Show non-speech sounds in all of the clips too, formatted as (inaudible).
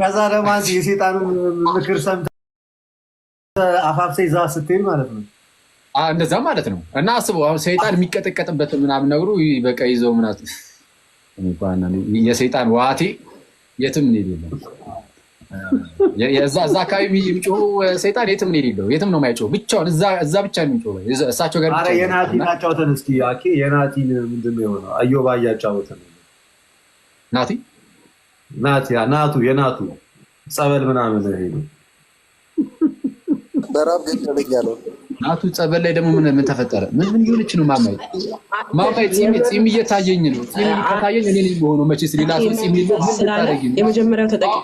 ከዛ ደግሞ የሴጣኑን ምክር ሰምተህ አፋፍሰ ይዛ ስትሄድ ማለት ነው። እንደዛ ማለት ነው። እና አስበው ሰይጣን የሚቀጠቀጥበት ምናምን ነግሩ በቃ ይዘው ምናምን የሰይጣን ዋቴ የትም ነው የሌለው። እዛ አካባቢ የሚጮሁ ሰይጣን የትም ነው የሌለው። የትም ነው የማይጮህ ብቻውን፣ እዛ ብቻ የሚጮህ እሳቸው ጋር። የናቲን አጫውተን እስኪ። የናቲን ምንድን ነው የሆነው? አዮባ እያጫወተን ናቲ ናት ያ ናቱ የናቱ ጸበል ምናምን ይሄ ነው። በራብ ገኛለሁ። ናቱ ጸበል ላይ ደግሞ ምን ምን ተፈጠረ? ምን ምን ይሁንች ነው? ማማይ ማማይ ጺም ጺም እየታየኝ ነው። ጺም እየታየኝ እኔ ነኝ ሆኖ መቼስ ሌላ ሰው ጺም ሊለው ምን ታደርጊ ነው? የመጀመሪያው ተጠቂ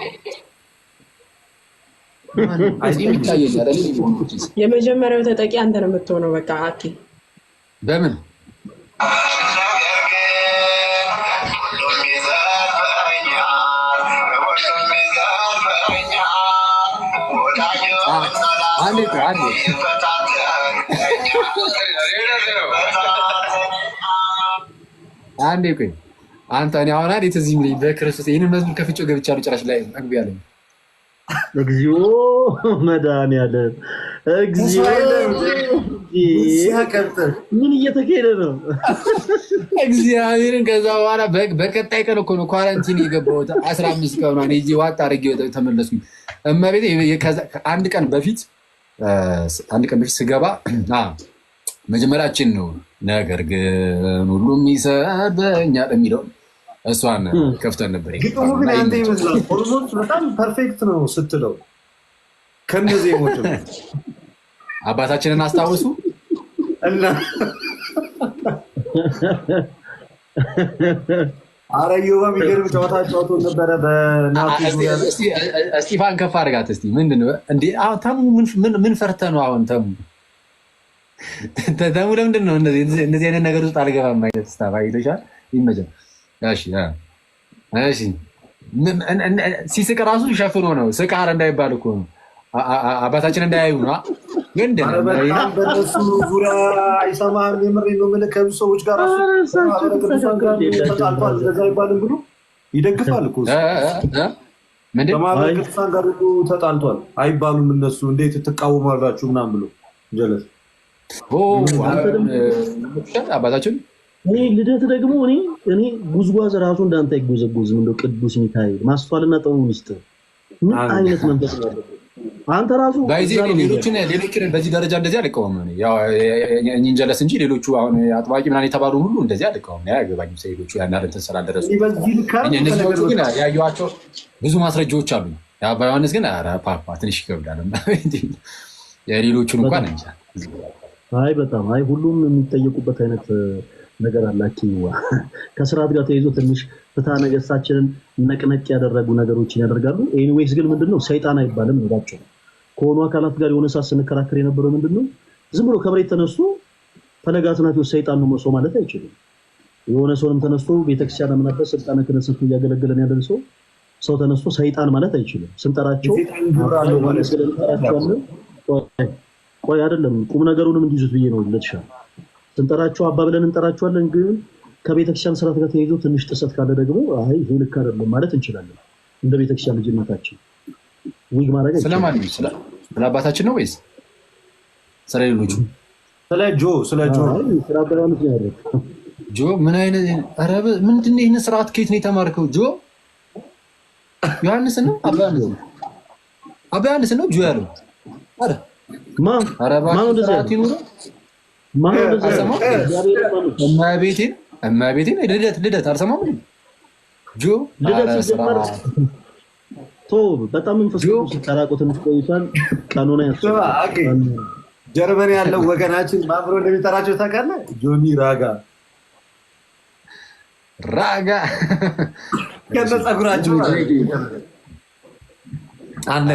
የመጀመሪያው ተጠቂ አንተ ነው የምትሆነው። በቃ አኪ በምን አንዴ ቆይ አንተ እኔ አሁን አይደል የተዚህ ልጅ በክርስቶስ ይህንን መዝሙር ከፍጮ ገብቻለሁ። ጭራሽ ላይ አግቢ እግዚኦ መድኃኒዓለም እግዚኦ ምን እየተካሄደ ነው? እግዚአብሔርን ከዛ በኋላ በቀጣይ ቀን እኮ ነው ኳረንቲን የገባሁት። አስራ አምስት ቀኗን ዚ ዋጣ አድርጌ ተመለስኩኝ። እመቤቴ አንድ ቀን በፊት አንድ ቀን በፊት ስገባ (clears throat) መጀመሪያችን ነው። ነገር ግን ሁሉም ይሰድበኛል የሚለው እሷን ከፍተን ነበር። ግጥሙ ግን አንተ ይመስላል ኦልሞስት በጣም ፐርፌክት ነው ስትለው ከነዚህ ሞ አባታችንን አስታውሱ እና አረዮባ የሚገርም ጨዋታ ጨዋቶ ነበረ። በናስቲፋን ከፍ አድርጋት እስኪ ምንድን ነው ተሙ ምን ፈርተህ ነው አሁን? ተሙ ተሙ ለምንድን ነው እነዚህ አይነት ነገር ውስጥ አልገባም አይነት ስታፋ አይቶሻል ይመጀመር ሲስቅ ራሱ ሸፍኖ ነው። ስቃር እንዳይባል እኮ ነው። አባታችን እንዳያዩ ነ ግን ዙሪያ ነው የምልህ ከብዙ ሰዎች ጋር ተጣልቷል። እንደዛ ብሎ ይደግፋል እኮ ቅዱሳን ጋር ተጣልቷል አይባሉም። እነሱ እንዴት ትቃወማላችሁ ምናምን ብሎ ጀለስ አባታችን እኔ ልደት ደግሞ እኔ እኔ ጉዝጓዝ ራሱ እንዳንተ አይጎዘጎዝም። እንደው ቅዱስ ሚካኤል ማስተዋልና ጥበቡን ሚስጥ ምን አይነት መንፈስ ነው አንተ ራሱ ሌሎችን በዚህ ደረጃ እንደዚህ አልቃወም። እኔን እንጂ ሌሎቹ አሁን አጥባቂ ምናምን የተባሉ ሁሉ እንደዚህ አልቃወም። ያገባኝ ሌሎቹ ያናደን ያህል እንትን እነዚህ ግን ያየኋቸው ብዙ ማስረጃዎች አሉ። የአባ ዮሐንስ ግን ፓፓ ትንሽ ይከብዳል። ሌሎቹን እንኳን እንጃ። አይ በጣም አይ ሁሉም የሚጠየቁበት አይነት ነገር አላቸው። ይዋ ከስርዓት ጋር ተይዞ ትንሽ ፍትሐ ነገስታችንን ነቅነቅ ያደረጉ ነገሮችን ያደርጋሉ። ኤኒዌይስ ግን ምንድነው ሰይጣን አይባልም ነባቸው ከሆኑ አካላት ጋር የሆነ ሰዓት ስንከራከር የነበረው ምንድነው ዝም ብሎ ከመሬት ተነሱ ፈለገ አትናቴዎስ ሰይጣን ነው መሶ ማለት አይችልም። የሆነ ሰውንም ተነስቶ ቤተክርስቲያን ምናበት ስልጣነ ክህነት ሰጥቶ እያገለገለን ያለን ሰው ሰው ተነስቶ ሰይጣን ማለት አይችልም። ስንጠራቸው ቆይ አይደለም ቁም ነገሩንም እንዲይዙት ብዬ ነው ለትሻል ስንጠራቸው አባ ብለን እንጠራቸዋለን። ግን ከቤተክርስቲያን ስርዓት ጋር ተያይዞ ትንሽ ጥሰት ካለ ደግሞ ይሄ ልክ አይደለም ማለት እንችላለን። እንደ ቤተክርስቲያን ልጅነታችን ዊግ ማድረግ ስለ አባታችን ነው ወይስ ስለ ሌሎቹ? ስለ ጆ ስለ ጆ ስለ አባባሉት ነው ያደረግ ጆ ምን አይነት ረብ ምንድን ይህን ስርዓት ከየት ነው የተማርከው? ጆ ዮሐንስ ነው አባ ዮሐንስ ነው አባ ዮሐንስ ነው ጆ ያለው እመቤቴን ልደት ልደት አልሰማም ጆ በጣም መንፈስ ቆይቷል። ጀርመን ያለው ወገናችን ማብሮ እንደሚጠራቸው ታውቃለህ። ጆኒ ራጋ ራጋ ከነ ጸጉራቸው አንድ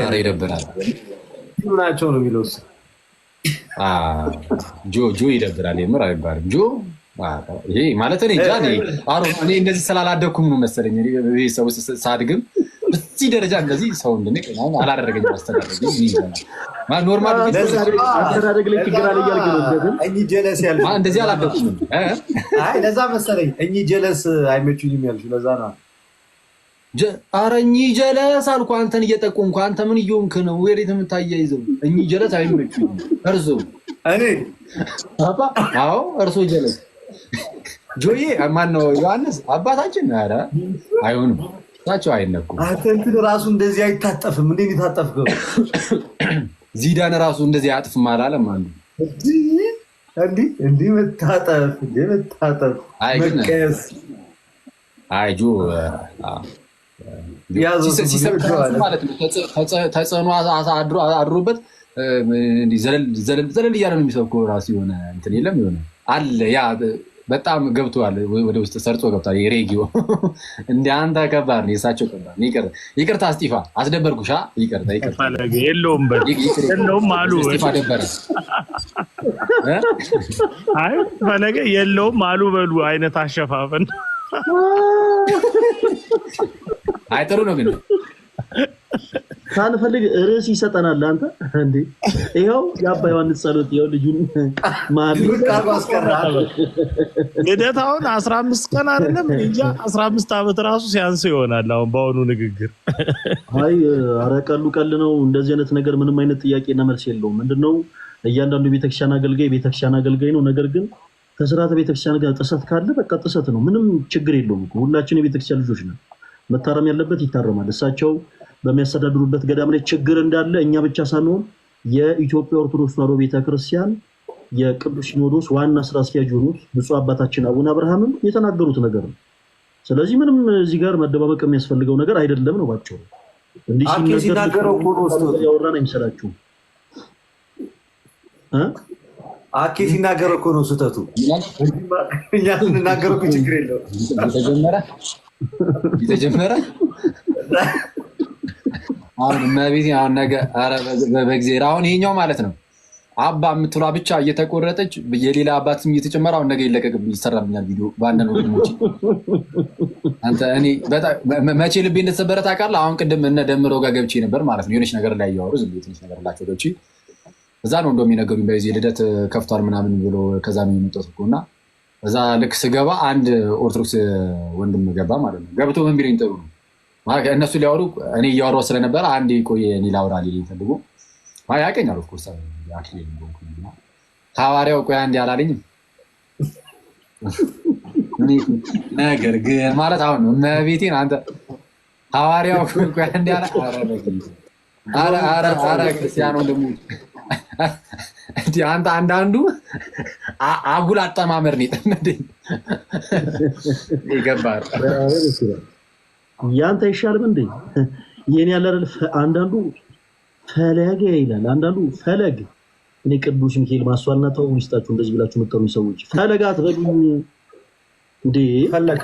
ናቸው ነው የሚለው ጆ ጆ ይደብራል። የምር አይባልም ጆ ይሄ ማለት እኔ እንጃ እኔ እንደዚህ ስላላደኩም ነው መሰለኝ። ሰው ሳድግም በዚህ ደረጃ እንደዚህ ሰው እንድንቅ አላደረገኝ አስተዳደግ ኖርማል አስተዳደግ ላይ ችግር አለ እያልክ ነው። እንደዚህ አላደግኩም። ለዛ መሰለኝ እኚህ ጀለስ አይመቹኝም ያልሽው ለዛ ነው። ኧረ እኚህ ጀለስ አልኩ አንተን እየጠቆምኩ አንተ ምን እየሆንክ ነው? ወዴት የምታያይዘው? እኚህ ጀለስ አይመች እርሶ እኔ አዎ፣ እርሶ ጀለስ ጆዬ ማን ነው ዮሐንስ አባታችን። ኧረ አይሆንም፣ እሳቸው አይነኩም። እንትን ራሱ እንደዚህ አይታጠፍም። እንዴት የታጠፍ ዚዳን ራሱ እንደዚህ አያጥፍም አላለም አንዱ እንዲህ እንዲህ መታጠፍ እንዲህ መታጠፍ መቀየስ አይ ጆ ማለት ተጽዕኖ አድሮበት ዘለል እያለ ነው የሚሰብከው። እራሱ የሆነ እንትን የለም የሆነ አለ ያ በጣም ገብተዋል ወደ ውስጥ ሰርጾ ገብቷል። የሬጊዮ (laughs) እንደ አንተ ከባድ ነው፣ የእሳቸው ከባድ ነው። ይቅርታ ይቅርታ፣ የለውም አሉ እስጢፋ ደበረ። አይ ፈለገ የለውም አሉ በሉ አይነት አሸፋፈን አይጠሩ ነው ግን ሳንፈልግ ርዕስ ይሰጠናል። ለአንተ እንዲ ይኸው የአባ ዮሐንስ ጸሎት ይኸው ልጁን ልደታውን አስራ አምስት ቀን አይደለም እንጃ አስራ አምስት ዓመት ራሱ ሲያንስ ይሆናል። አሁን በአሁኑ ንግግር አይ ኧረ ቀሉ ቀል ነው። እንደዚህ አይነት ነገር ምንም አይነት ጥያቄና መልስ የለውም። ምንድነው እያንዳንዱ የቤተክርስቲያን አገልጋይ ቤተክርስቲያን አገልጋይ ነው። ነገር ግን ከስርዓተ ቤተክርስቲያን ጋር ጥሰት ካለ በቃ ጥሰት ነው። ምንም ችግር የለውም። ሁላችን የቤተክርስቲያን ልጆች ነው። መታረም ያለበት ይታረማል። እሳቸው በሚያስተዳድሩበት ገዳም ላይ ችግር እንዳለ እኛ ብቻ ሳንሆን የኢትዮጵያ ኦርቶዶክስ ተዋሕዶ ቤተክርስቲያን የቅዱስ ሲኖዶስ ዋና ስራ አስኪያጅ የሆኑት ብፁዕ አባታችን አቡነ አብርሃምም የተናገሩት ነገር ነው። ስለዚህ ምንም እዚህ ጋር መደባበቅ የሚያስፈልገው ነገር አይደለም ነው ባቸው። እንዲህ ሲናገር ያወራን አይመስላችሁም? አኬ ሲናገር እኮ ነው ስህተቱ። እኛ ልንናገረው ችግር የለውም የተጀመረ አሁን እመቤቴ አሁን ነገ በእግዜር አሁን ይሄኛው ማለት ነው አባ የምትሏ ብቻ እየተቆረጠች የሌላ አባት ስም እየተጨመረ አሁን ነገ ይለቀቅብኝ ይሰራብኛል ቪዲዮ በአንዳንድ ወንድሞች። አንተ እኔ መቼ ልቤ እንደተሰበረ ታውቃለህ? አሁን ቅድም እነ ደምሮ ጋር ገብቼ ነበር ማለት ነው የሆነች ነገር ላይ እያወሩ ዝም ትንሽ ነገር ላቸው ገብቼ እዛ ነው እንደውም የነገሩኝ በዚህ ልደት ከፍቷል ምናምን ብሎ ከዛ ነው የመጣሁት እኮ እና እዛ ልክ ስገባ አንድ ኦርቶዶክስ ወንድም ገባ ማለት ነው። ገብቶ ምን ቢለኝ ጥሩ ነው እነሱ ሊያወሩ እኔ እያወራ ስለነበረ አንድ ቆየ እኔ ላውራ ሊለኝ ፈልጎ ያቀኛል ኦፍኮርስ ሐዋርያው ቆይ አንድ ያላለኝም ነገር ግን ማለት አሁን ነው እመቤቴን አንተ ሐዋርያው ቆይ አንድ ያላ ኧረ ክርስቲያን ወንድሙ አንተ አንዳንዱ አጉል አጠማመር ነው የጠመደኝ። ይገባል። ያንተ አይሻልም እንዴ? ይህን ያለል አንዳንዱ ፈለገ ይላል፣ አንዳንዱ ፈለግ። እኔ ቅዱስ ሚካኤል ማስዋልና ተው ይስጣችሁ፣ እንደዚህ ብላችሁ መጠሩ ሰዎች ፈለጋ አትበሉ እንዴ? ፈለቀ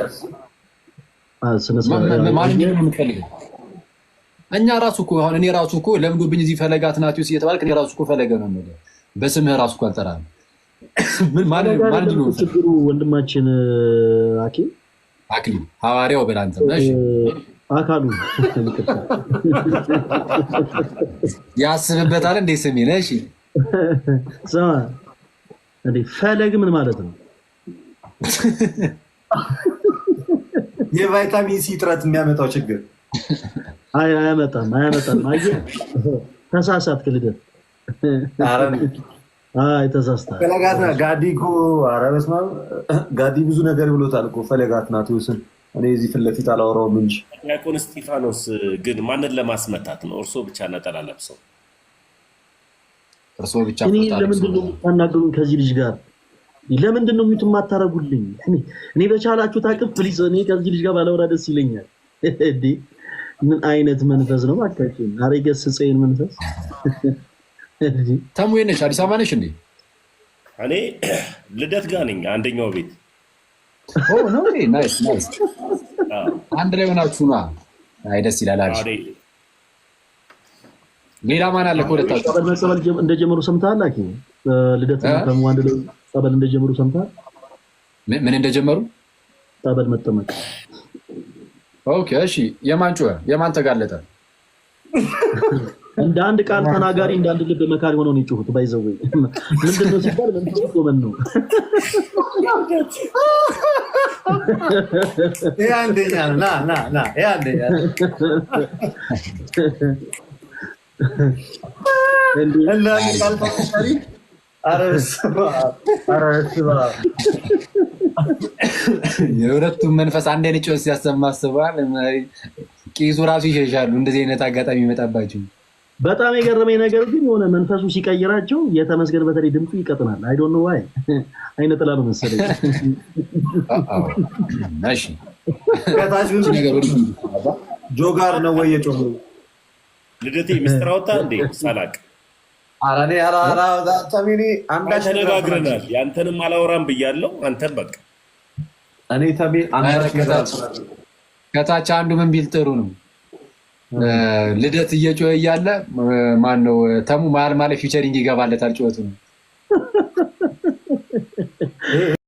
እኛ ራሱ እኮ አሁን እኔ ራሱ እኮ ለምዶብኝ እዚህ ፈለጋ አትናቴዎስ እየተባልክ እኔ ራሱ እኮ ፈለገ ነው የምልህ። በስምህ ራሱ እኮ አልጠራህም። ችግሩ ወንድማችን አኪም ሐዋርያው በላንተ አካሉ ያስብበታል እንዴ ስሜ ነ ፈለግ ምን ማለት ነው? የቫይታሚን ሲ እጥረት የሚያመጣው ችግር አያመጣም፣ አያመጣም። አየህ ተሳሳትክ ልደት ተሳስተሃል። ፈለጋት ናት ጋዲ እኮ ኧረ በስመ አብ ጋዲ ብዙ ነገር ብሎታል እኮ ፈለጋት ናት ይወስን። እኔ እዚህ ፊት ለፊት አላወራውም እንጂ ዲያቆን እስጢፋኖስ ግን ማንን ለማስመታት ነው? እርሶ ብቻ ነጠላ ለብሰው እርሶ ብቻ ለምንድን ነው የምታናገሩኝ? ከዚህ ልጅ ጋር ለምንድን ነው ሚቱ የማታረጉልኝ? እኔ በቻላችሁ ታቅፍ ፕሊዝ። እኔ ከዚህ ልጅ ጋር ባለወራ ደስ ይለኛል። ምን አይነት መንፈስ ነው? እባካችሁን አረ ገስጸኝ መንፈስ ተሙ ነሽ? አዲስ አበባ ነሽ እንዴ? እኔ ልደት ጋ ነኝ። አንደኛው ቤት አንድ ላይ ሆናችሁ ና። አይ ደስ ይላል። ሌላ ማን አለ? ከሁለታችሁ ጸበል እንደጀመሩ ሰምተሃል? ላኪ ልደት ተሙ አንድ ላይ ጸበል እንደጀመሩ ሰምተሃል? ምን እንደጀመሩ? ጸበል መጠመቅ። ኦኬ እሺ። የማን ጮኸ? የማን ተጋለጠ? (laughs) እንደ አንድ ቃል ተናጋሪ እንደ አንድ ልብ መካሪ ሆነው ነው የጮሁት። ባይዘው ምንድን ነው ሲባል ምንጎመን ነው የሁለቱም መንፈስ አንድ አይነት ጮህ ሲያሰማ አስበዋል። ቄሱ ራሱ ይሸሻሉ። እንደዚህ አይነት አጋጣሚ ይመጣባቸው በጣም የገረመኝ ነገር ግን የሆነ መንፈሱ ሲቀይራቸው የተመስገን በተለይ ድምፁ ይቀጥናል። አይ ዶንት ኖ ዋይ አይነ ጥላ ነው መሰለኝ። ጆጋር ነው ወይ የጮኸ ልደቴ ምስጢር አወጣ እንዴ ሳላቅ ተነጋግረናል። ያንተንም አላወራም ብያለው። አንተን በቃ እኔ ከታች አንዱ ምን ቢል ጥሩ ነው ልደት እየጮኸ እያለ ማን ነው ተሙ መሀል ማለት ፊቸሪንግ ይገባለታል ጩኸቱ ነው። (laughs)